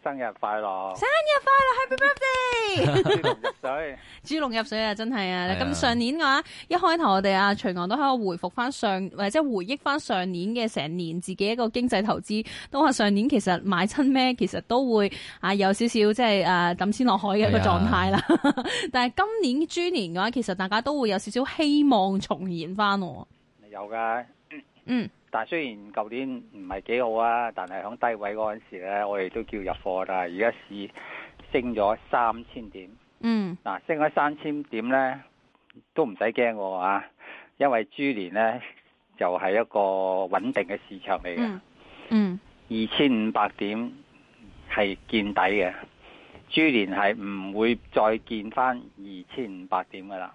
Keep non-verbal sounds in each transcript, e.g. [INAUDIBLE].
生日快樂！生日快樂！Happy birthday！豬籠 [LAUGHS] 入水，豬 [LAUGHS] 籠入水的啊！真係啊！咁上年嘅話，一開頭我哋阿、啊、徐昂都喺度回復翻上，或者回憶翻上年嘅成年自己一個經濟投資，都話上年其實買親咩，其實都會有一點點啊有少少即係誒抌錢落海嘅一個狀態啦。是啊、 [LAUGHS] 但係今年豬年嘅話，其實大家都會有少少希望重現翻。你有嘅， [LAUGHS] 嗯。但係雖然舊年唔係幾好啊，但係響低位嗰陣時咧，我哋都叫入貨啦。而家市升咗三千點，嗯，嗱、啊，升咗三千點咧，都唔使驚啊，因為豬年咧就係、係、一個穩定嘅市場嚟嘅，嗯，二千五百點係見底嘅，豬年係唔會再見翻二千五百點噶啦。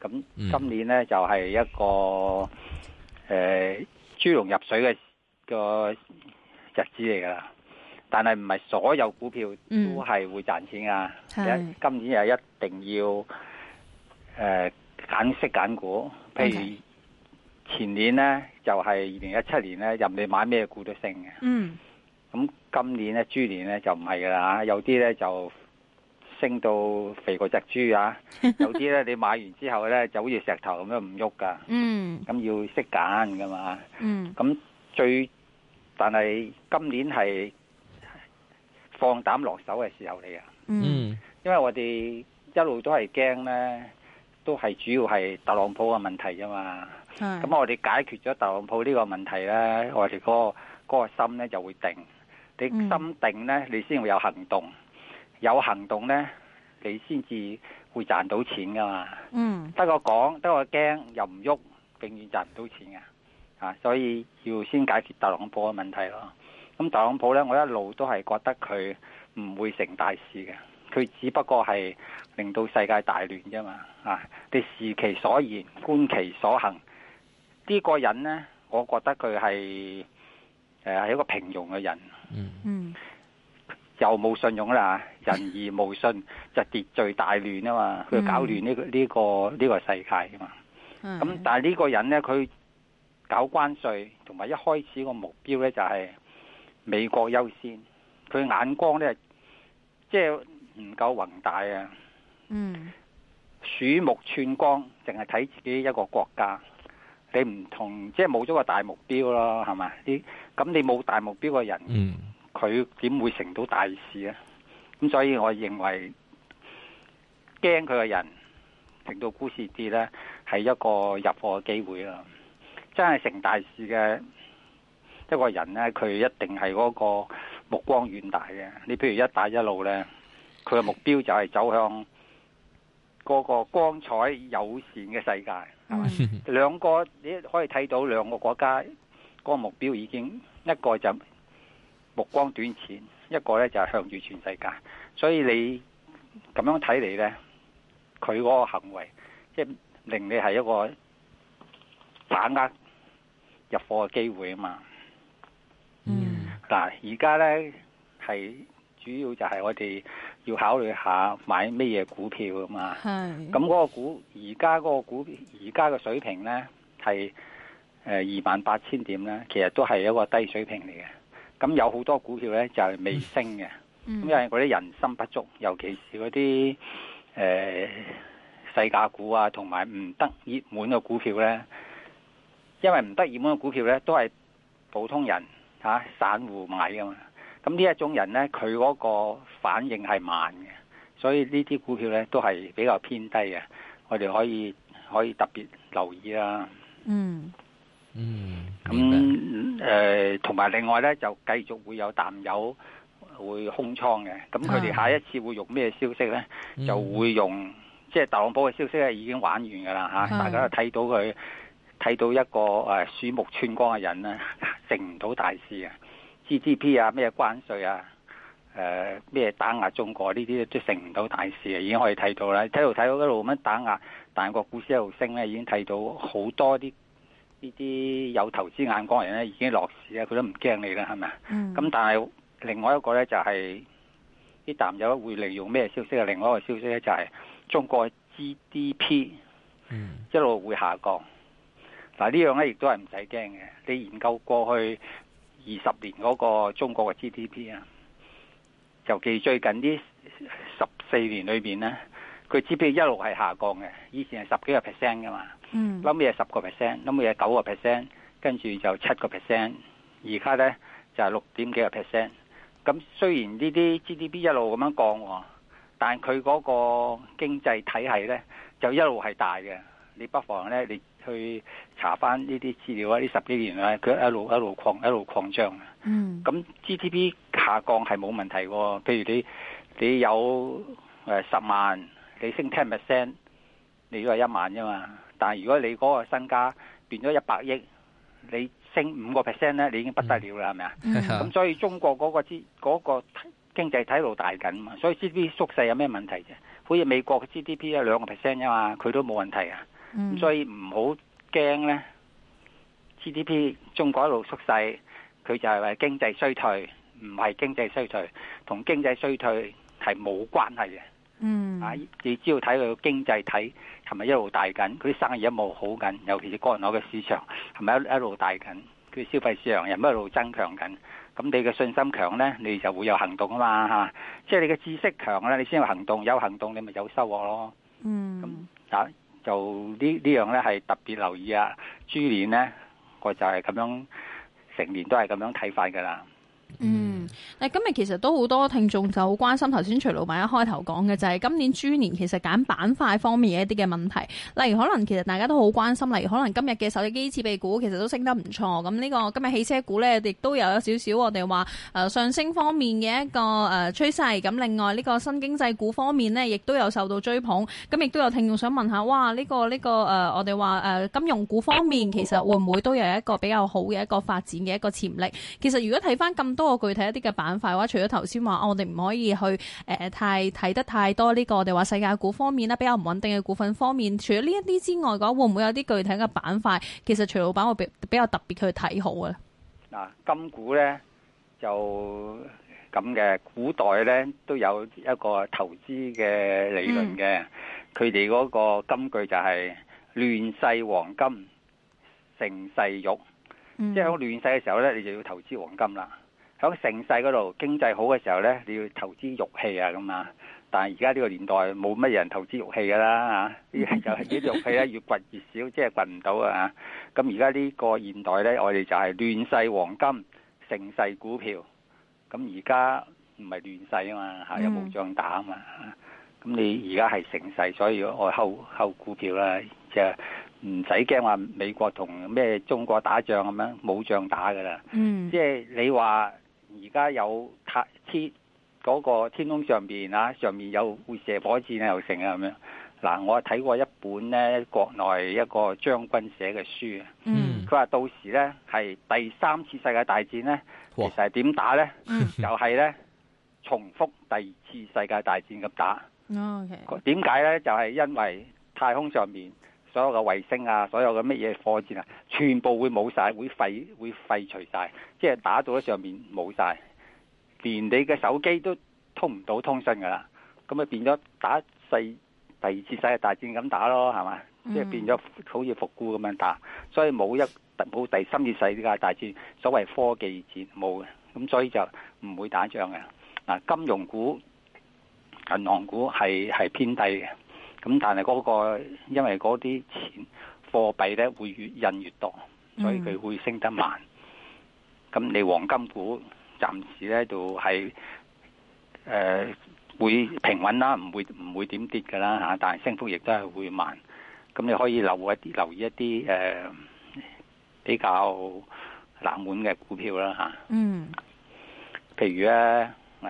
咁今年咧就係一個誒。呃豬籠入水嘅個日子嚟噶啦，但係唔係所有股票都係會賺錢噶、嗯。今年又一定要誒揀息揀股，譬如前年咧就係二零一七年咧，任你買咩股都升嘅。咁、嗯、今年咧豬年咧就唔係噶啦，有啲咧就。升到肥過隻豬啊！有啲咧，你買完之後咧，就好似石頭咁樣唔喐噶。嗯，咁要識揀噶嘛。嗯，咁最但係今年係放膽落手嘅時候嚟啊。嗯，因為我哋一路都係驚咧，都係主要係特朗普嘅問題啫嘛。係。咁我哋解決咗特朗普呢個問題咧，我哋個嗰個心咧就會定。你心定咧，你先會有行動。有行動咧。你先至會賺到錢噶嘛，mm. 我？嗯，得個講，得個驚，又唔喐，永遠賺唔到錢噶。啊，所以要先解決特朗普嘅問題咯。咁特朗普咧，我一路都係覺得佢唔會成大事嘅，佢只不過係令到世界大亂啫嘛。啊，你視其所言，觀其所行，呢、這個人咧，我覺得佢係誒係一個平庸嘅人。嗯、mm.。又冇信用啦，人而無信 [LAUGHS] 就秩序大亂啊嘛，佢搞亂呢個呢個呢個世界啊嘛。咁但係呢個人呢，佢搞關稅，同埋一開始個目標呢，就係美國優先。佢眼光呢，即係唔夠宏大啊。嗯，鼠目寸光，淨係睇自己一個國家。你唔同，即係冇咗個大目標咯，係嘛？啲咁你冇大目標嘅人。 [LAUGHS] 佢點會成到大事咧？咁所以我認為驚佢嘅人，成到股市跌呢，係一個入貨嘅機會啦。真係成大事嘅一個人呢，佢一定係嗰個目光遠大嘅。你譬如一帶一路呢，佢嘅目標就係走向嗰個光彩友善嘅世界。兩 [LAUGHS] 個你可以睇到兩個國家嗰個目標已經一個就是，目光短淺，一個咧就係向住全世界，所以你咁樣睇嚟咧，佢嗰個行為即係、就是、令你係一個把握入貨嘅機會啊嘛。嗯、mm.。嗱，而家咧係主要就係我哋要考慮下買咩嘢股票啊嘛。係。咁嗰個股，而家嗰個股，而家嘅水平咧係誒二萬八千點咧，其實都係一個低水平嚟嘅。咁有好多股票咧就係、是、未升嘅，因為嗰啲人心不足，尤其是嗰啲誒細價股啊，同埋唔得熱門嘅股票咧，因為唔得熱門嘅股票咧都係普通人吓、啊、散戶買噶嘛，咁呢一種人咧佢嗰個反應係慢嘅，所以呢啲股票咧都係比較偏低嘅，我哋可以可以特別留意啦。嗯嗯，咁。誒、呃，同埋另外咧，就繼續會有淡友會空倉嘅。咁佢哋下一次會用咩消息咧？就會用、嗯、即係特朗普嘅消息已經玩完㗎啦、嗯、大家就睇到佢睇到一個誒鼠目寸光嘅人咧，成唔到大事嘅，GDP 啊，咩關稅啊，誒咩、啊啊、打壓中國呢、啊、啲都成唔到大事嘅，已經可以睇到啦。睇到睇到一路咁樣打壓，但係個股市一路升咧，已經睇到好多啲。呢啲有投資眼光嘅人咧，已經落市咧，佢都唔驚你啦，係咪啊？咁但係另外一個咧、就係，就係啲淡友會利用咩消息啊？另外一個消息咧、就係，就係中國 GDP 一路會下降。嗱，呢樣咧亦都係唔使驚嘅。你研究過去二十年嗰個中國嘅 GDP 啊，尤其最近呢十四年裏面咧，佢 GDP 一路係下降嘅。以前係十幾個 percent 噶嘛。嗯、mm.，冇嘢，十個 percent，冇嘢，九個 percent，跟住就七個 percent，而家咧就係六點幾個 percent。咁雖然呢啲 GDP 一路咁樣降喎、哦，但佢嗰個經濟體系咧就一路係大嘅。你不妨咧，你去查翻呢啲資料啊，呢十幾年啊，佢一路一路擴一,一,一路擴張。嗯，咁 GDP 下降係冇問題喎。譬如你你有誒十萬，你升 ten percent，你都係一萬啫嘛。但係如果你嗰個身家變咗一百億，你升五個 percent 咧，你已經不得了啦，係咪啊？咁、嗯、所以中國嗰、個之嗰、個經濟體路大緊嘛，所以 GDP 縮細有咩問題啫？好似美國嘅 GDP 啊，兩個 percent 啊嘛，佢都冇問題啊。嗯、所以唔好驚咧，GDP 中國一路縮細，佢就係話經濟衰退，唔係經濟衰退，同經濟衰退係冇關係嘅。嗯，啊，你只要睇佢經濟睇係咪一路大緊？佢啲生意一路好緊，尤其是個人攞嘅市場係咪一一路大緊，佢消費市場又一路增強緊，咁你嘅信心強咧，你就會有行動嘛啊嘛嚇，即、就、係、是、你嘅知識強咧，你先有行動，有行動你咪有收穫咯。嗯、mm-hmm.，咁啊，就呢呢樣咧係特別留意啊。豬年咧，我就係咁樣成年都係咁樣睇法噶啦。嗯、mm-hmm.。今日其實都好多聽眾就好關心頭先徐老闆一開頭講嘅就係今年豬年其實揀板塊方面嘅一啲嘅問題，例如可能其實大家都好關心，例如可能今日嘅手機設備股其實都升得唔錯，咁呢個今日汽車股呢，亦都有少少我哋話上升方面嘅一個誒趨勢，咁另外呢個新經濟股方面呢，亦都有受到追捧，咁亦都有聽眾想問下，哇呢、呢個呢、呢個誒、呃、我哋話誒金融股方面其實會唔會都有一個比較好嘅一個發展嘅一個潛力？其實如果睇翻咁多個具體，一啲嘅板塊嘅話，除咗頭先話，我哋唔可以去誒、呃、太睇得太多呢、這個我哋話世界股方面咧比較唔穩定嘅股份方面。除咗呢一啲之外，講會唔會有啲具體嘅板塊？其實徐老闆會比比較特別去睇好啊。嗱，金股咧就咁嘅古代咧都有一個投資嘅理論嘅，佢哋嗰個金句就係、是、亂世黃金盛世玉，嗯、即係喺亂世嘅時候咧，你就要投資黃金啦。咁盛世嗰度經濟好嘅時候咧，你要投資玉器啊咁啊！但係而家呢個年代冇乜人投資玉器噶啦啊！又係啲玉器啊，器 [LAUGHS] 器越掘越少，即係掘唔到啊！咁而家呢個現代咧，我哋就係亂世黃金，盛世股票。咁而家唔係亂世啊嘛，吓又冇仗打啊嘛。咁、mm. 你而家係盛世，所以我後後股票啦，就唔使驚話美國同咩中國打仗咁樣，冇仗打噶啦。嗯、mm.。即係你話。而家有太天嗰個天空上邊啊，上面有會射火箭又成啊咁樣。嗱，我睇過一本咧，國內一個將軍寫嘅書。啊，嗯。佢話到時咧係第三次世界大戰咧，其實係點打咧？嗯。就係咧重複第二次世界大戰咁打。哦。點解咧？就係因為太空上面，所有嘅衛星啊，所有嘅乜嘢火箭啊，全部會冇晒，會廢會廢除晒，即係打到喺上面冇晒，連你嘅手機都通唔到通訊㗎啦。咁啊變咗打世第二次世界大戰咁打咯，係嘛？Mm. 即係變咗好似復古咁樣打，所以冇一冇第三次世界大戰，所謂科技戰冇嘅，咁所以就唔會打仗嘅。嗱，金融股、銀行股係係偏低嘅。咁但係嗰個，因為嗰啲錢貨幣咧會越印越多，所以佢會升得慢。咁、嗯、你黃金股暫時咧就係誒會平穩啦，唔會唔會點跌㗎啦吓，但係升幅亦都係會慢。咁你可以留一啲留意一啲誒比較冷門嘅股票啦吓、啊。嗯。譬如啊，誒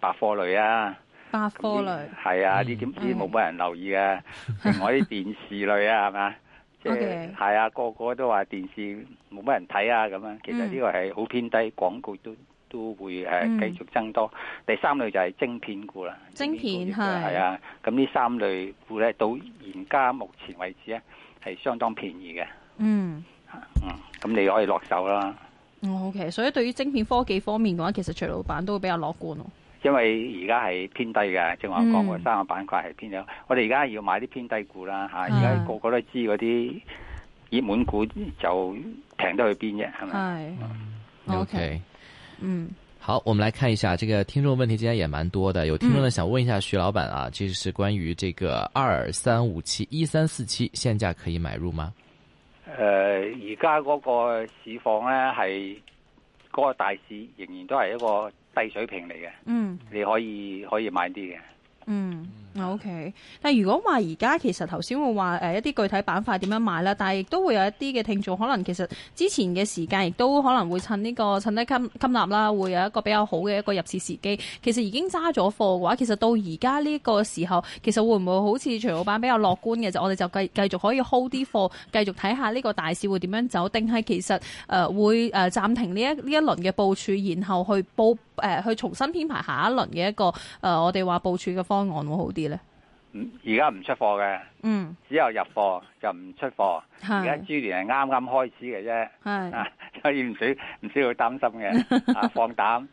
百貨類啊。花科類係啊，呢點知冇乜人留意啊，另外啲電視類啊，係咪啊？即係係啊，個個都話電視冇乜人睇啊咁啊。其實呢個係好偏低，廣告都都會係、啊、繼續增多。嗯、第三類就係晶片股啦，晶片係、就是、啊。咁呢三類股咧，到而家目前為止咧係相當便宜嘅。嗯嗯，咁你可以落手啦。嗯，OK。所以對於晶片科技方面嘅話，其實徐老闆都會比較樂觀喎。因為而家係偏低嘅，正話講過三個板塊係偏咗。我哋而家要買啲偏低股啦，吓、嗯！而家個個都知嗰啲熱門股就平到去邊啫，係咪？係、嗯。O K。嗯，好，我們來看一下，這個聽眾問題，今天也蠻多的。有聽眾咧想問一下徐老闆啊，其實關於這個二三五七一三四七現價可以買入嗎？誒、呃，而家嗰個市況呢，係嗰個大市仍然都係一個。低水平嚟嘅，嗯，你可以可以買啲嘅。嗯 OK，但係如果話而家其實頭先會話、呃、一啲具體板塊點樣買啦，但係亦都會有一啲嘅聽眾可能其實之前嘅時間亦都可能會趁呢、呢個趁低吸吸納啦，會有一個比較好嘅一個入市時機。其實已經揸咗貨嘅話，其實到而家呢個時候，其實會唔會好似徐老闆比較樂觀嘅就我哋就繼繼續可以 hold 啲貨，繼續睇下呢個大市會點樣走，定係其實誒、呃、會誒暫停呢一呢一輪嘅部署，然後去佈去、呃、重新編排下一輪嘅一個誒、呃、我哋話部署嘅方案會好啲。而家唔出貨嘅，嗯，只有入貨就唔出貨。而家豬年係啱啱開始嘅啫，啊， [LAUGHS] 所以唔使唔需要擔心嘅，啊， [LAUGHS] 放膽，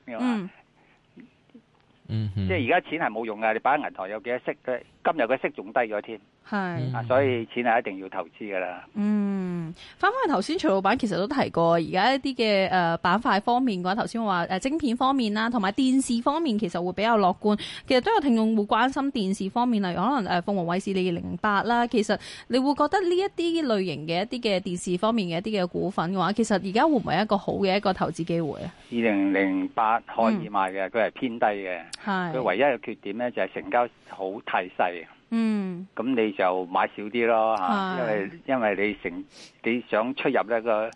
即係而家錢係冇用嘅，你擺喺銀行有幾多息？佢今日嘅息仲低咗添，係，啊、嗯，所以錢係一定要投資㗎啦，嗯。翻翻去頭先，徐老闆其實都提過，而家一啲嘅誒板塊方面嘅話，頭先話誒晶片方面啦，同埋電視方面其實會比較樂觀。其實都有聽眾會關心電視方面，例如可能誒鳳凰衛視二零零八啦，其實你會覺得呢一啲類型嘅一啲嘅電視方面嘅一啲嘅股份嘅話，其實而家會唔會係一個好嘅一個投資機會啊？二零零八可以賣嘅，佢係偏低嘅，佢、嗯、唯一嘅缺點咧就係成交好太細。嗯，咁你就買少啲咯吓，因為、啊、因為你成你想出入慢慢一個，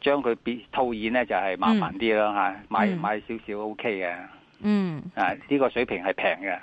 將佢變套現咧就係麻煩啲咯吓，買買少少 OK 嘅，嗯，啊呢、這個水平係平嘅。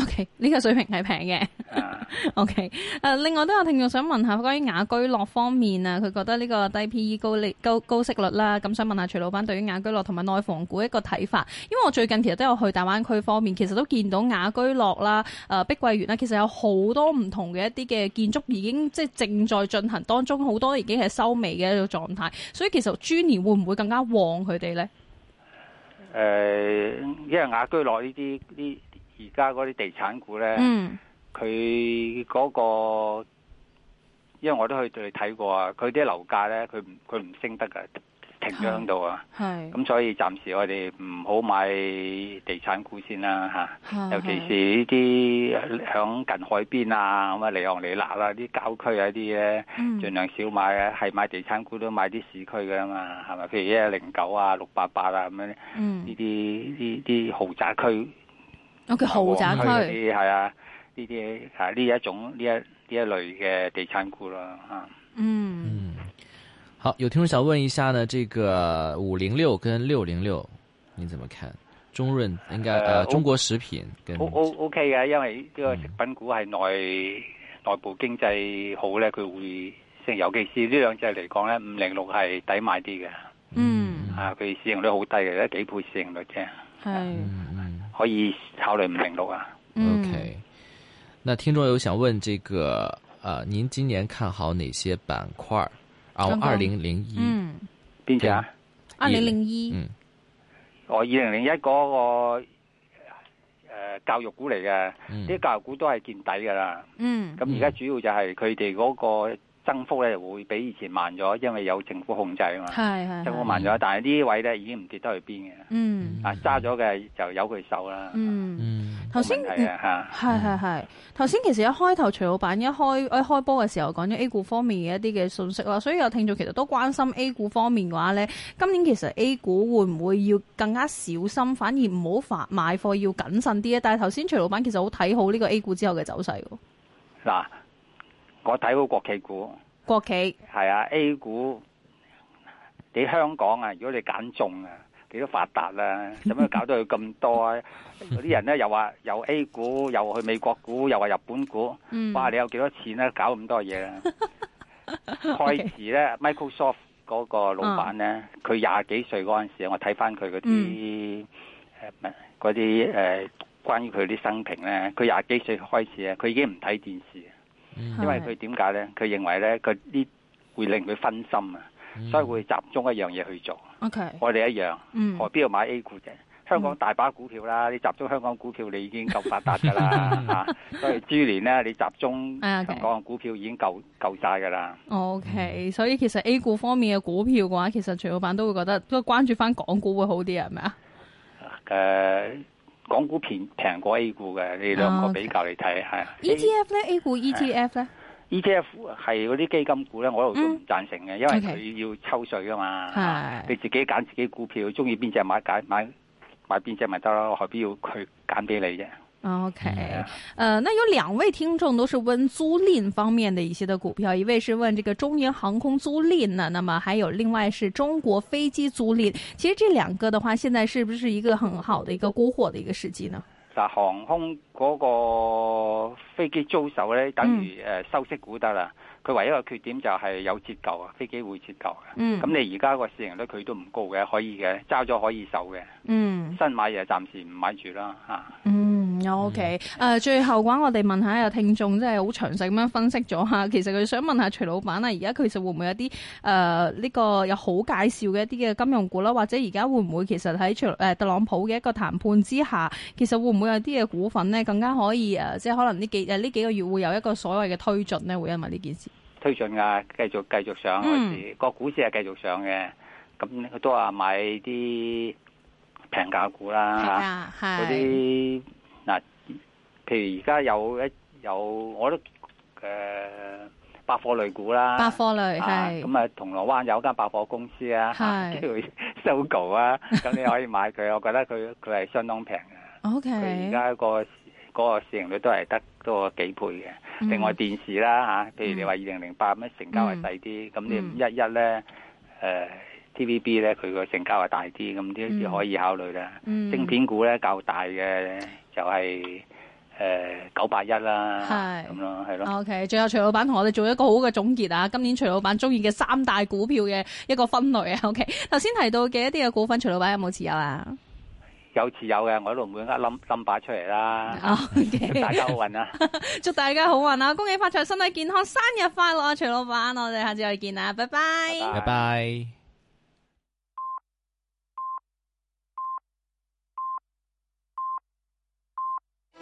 OK，呢個水平係平嘅。嗯、 [LAUGHS] OK，誒、uh,，另外都有聽眾想問一下關於雅居樂方面啊，佢覺得呢個低 PE 高利、高高高息率啦，咁想問一下徐老闆對於雅居樂同埋內房股一個睇法。因為我最近其實都有去大灣區方面，其實都見到雅居樂啦、誒、呃、碧桂園啦，其實有好多唔同嘅一啲嘅建築已經即係、就是、正在進行當中，好多已經係收尾嘅一個狀態。所以其實豬年會唔會更加旺佢哋呢？誒、呃，因為雅居樂呢啲呢？而家嗰啲地產股咧，佢、嗯、嗰、嗰個，因為我都去對睇過啊，佢啲樓價咧，佢佢唔升得噶，停咗喺度啊。係，咁所以暫時我哋唔好買地產股先啦嚇。尤其是呢啲響近海邊啊，咁啊離行離迾啊，啲郊區啊啲咧，儘量少買啊。係、嗯、買地產股都買啲市區嘅嘛，係咪？譬如一零九啊、六八八啊咁樣，呢啲呢啲豪宅區。我、okay, 嘅豪宅區係啊，呢啲係呢一種呢一呢一類嘅地產股啦，吓。嗯。好，有聽眾想問一下呢，這個五零六跟六零六，你怎麼看？中潤應該，誒、呃哦，中國食品好 O K 嘅，因為呢個食品股係內內部經濟好咧，佢會，即係尤其是呢兩隻嚟講咧，五零六係抵買啲嘅。嗯。吓、啊，佢市盈率好低嘅，得幾倍市盈率啫。係。嗯可以考慮唔成熟啊。OK，那聽眾有想問這個，啊、呃，您今年看好哪些板塊？哦，二零零一，嗯，邊隻啊？二零零一，嗯，哦二零零一嗰個誒教育股嚟嘅，呢啲教育股都係見底噶啦。嗯，咁而家主要就係佢哋嗰個。增幅咧會比以前慢咗，因為有政府控制啊嘛。係係係。政府慢咗，但係呢位咧已經唔跌得去邊嘅。嗯。啊揸咗嘅就由佢手啦。嗯嗯。頭先嚇係係係。頭先其實一開頭徐老闆一開一開波嘅時候講咗 A 股方面嘅一啲嘅信息啦，所以有聽眾其實都關心 A 股方面嘅話咧，今年其實 A 股會唔會要更加小心，反而唔好發買貨要謹慎啲啊？但係頭先徐老闆其實好睇好呢個 A 股之後嘅走勢喎。嗱。我睇好國企股，國企係啊 A 股，你香港啊，如果你揀中啊，你都發達啦。做咩搞到佢咁多啊？啲 [LAUGHS] 人咧又話又 A 股，又去美國股，又話日本股。哇、嗯！你有幾多錢啊？搞咁多嘢啊、 [LAUGHS] okay！開始咧，Microsoft 嗰個老闆咧，佢、嗯、廿幾歲嗰陣時，我睇翻佢嗰啲誒，嗰啲誒，關於佢啲生平咧，佢廿幾歲開始咧，佢已經唔睇電視。因為佢點解咧？佢認為咧，佢呢會令佢分心啊，所以會集中一樣嘢去做。O、okay. K，我哋一樣，何必要買 A 股啫，嗯？香港大把股票啦，你集中香港股票你已經夠發達噶啦，吓、 [LAUGHS] 啊。所以豬年咧，你集中香港嘅股票已經夠夠晒噶啦。O、okay. K，、okay. okay. 嗯、所以其實 A 股方面嘅股票嘅話，其實徐老闆都會覺得都關注翻港股會好啲，係咪啊？誒、uh,。港股平平過 A 股嘅，呢兩個比較嚟睇係。ETF 咧，A 股 ETF 咧，ETF 係嗰啲基金股咧，我一路都唔讚成嘅，因為佢要抽稅噶嘛。Okay. 你自己揀自己股票，中意邊隻買揀買買邊隻咪得咯，何必要佢揀俾你啫？OK，、yeah. 呃那有兩位聽眾都是問租賃方面的一些的股票，一位是問這個中原航空租賃呢、啊，那麼還有另外是中國飛機租賃，其實這兩個的話，現在是不是一個很好的一個沽貨的一個時機呢？啊，航空嗰個飛機租售咧，等於誒、呃、收息股得啦，佢、嗯、唯一一個缺點就係有折舊啊，飛機會折舊嘅，咁、嗯、你而家個市盈率佢都唔高嘅，可以嘅，揸咗可以守嘅，嗯，新買嘢暫時唔買住啦，吓、啊，嗯。OK，誒、uh, 最後嘅話，我哋問下有聽眾，即係好詳細咁樣分析咗嚇。其實佢想問下徐老闆啊，而家佢其實會唔會有啲誒呢個有好介紹嘅一啲嘅金融股啦，或者而家會唔會其實喺誒特朗普嘅一個談判之下，其實會唔會有啲嘅股份咧更加可以誒，即係可能呢幾誒呢幾個月會有一個所謂嘅推進咧，會因為呢件事推進㗎，繼續繼續上個、嗯、股市係繼續上嘅，咁佢都話買啲平價股啦，嚇嗰啲。譬如而家有一有，我都誒、呃、百貨類股啦，百貨類係咁啊，銅鑼灣有間百貨公司啊，叫 SOGO 啊，咁、 [LAUGHS] 啊、你可以買佢， [LAUGHS] 我覺得佢佢係相當平嘅。O K，佢而家個嗰、那個、市盈率都係得多個幾倍嘅、嗯。另外電視啦嚇、啊，譬如你話二零零八，咩，成交係細啲，咁、嗯、你五一一咧誒 T V B 咧，佢、嗯、個成交係大啲，咁、嗯、啲可以考慮啦。晶、嗯、片股咧較大嘅就係、是。誒、呃，九八一啦，咁咯，係咯。OK，最後徐老闆同我哋做一個好嘅總結啊！今年徐老闆中意嘅三大股票嘅一個分類啊。O K，頭先提到嘅一啲嘅股份，徐老闆有冇持有啊？有持有嘅，我喺度唔會呃冧冧擺出嚟啦。Okay、 [LAUGHS] 祝大家好運啊！ [LAUGHS] 祝大家好運啊！恭喜發財，身體健康，生日快樂啊！徐老闆，我哋下次再見啦拜拜，拜拜。Bye bye. Bye bye.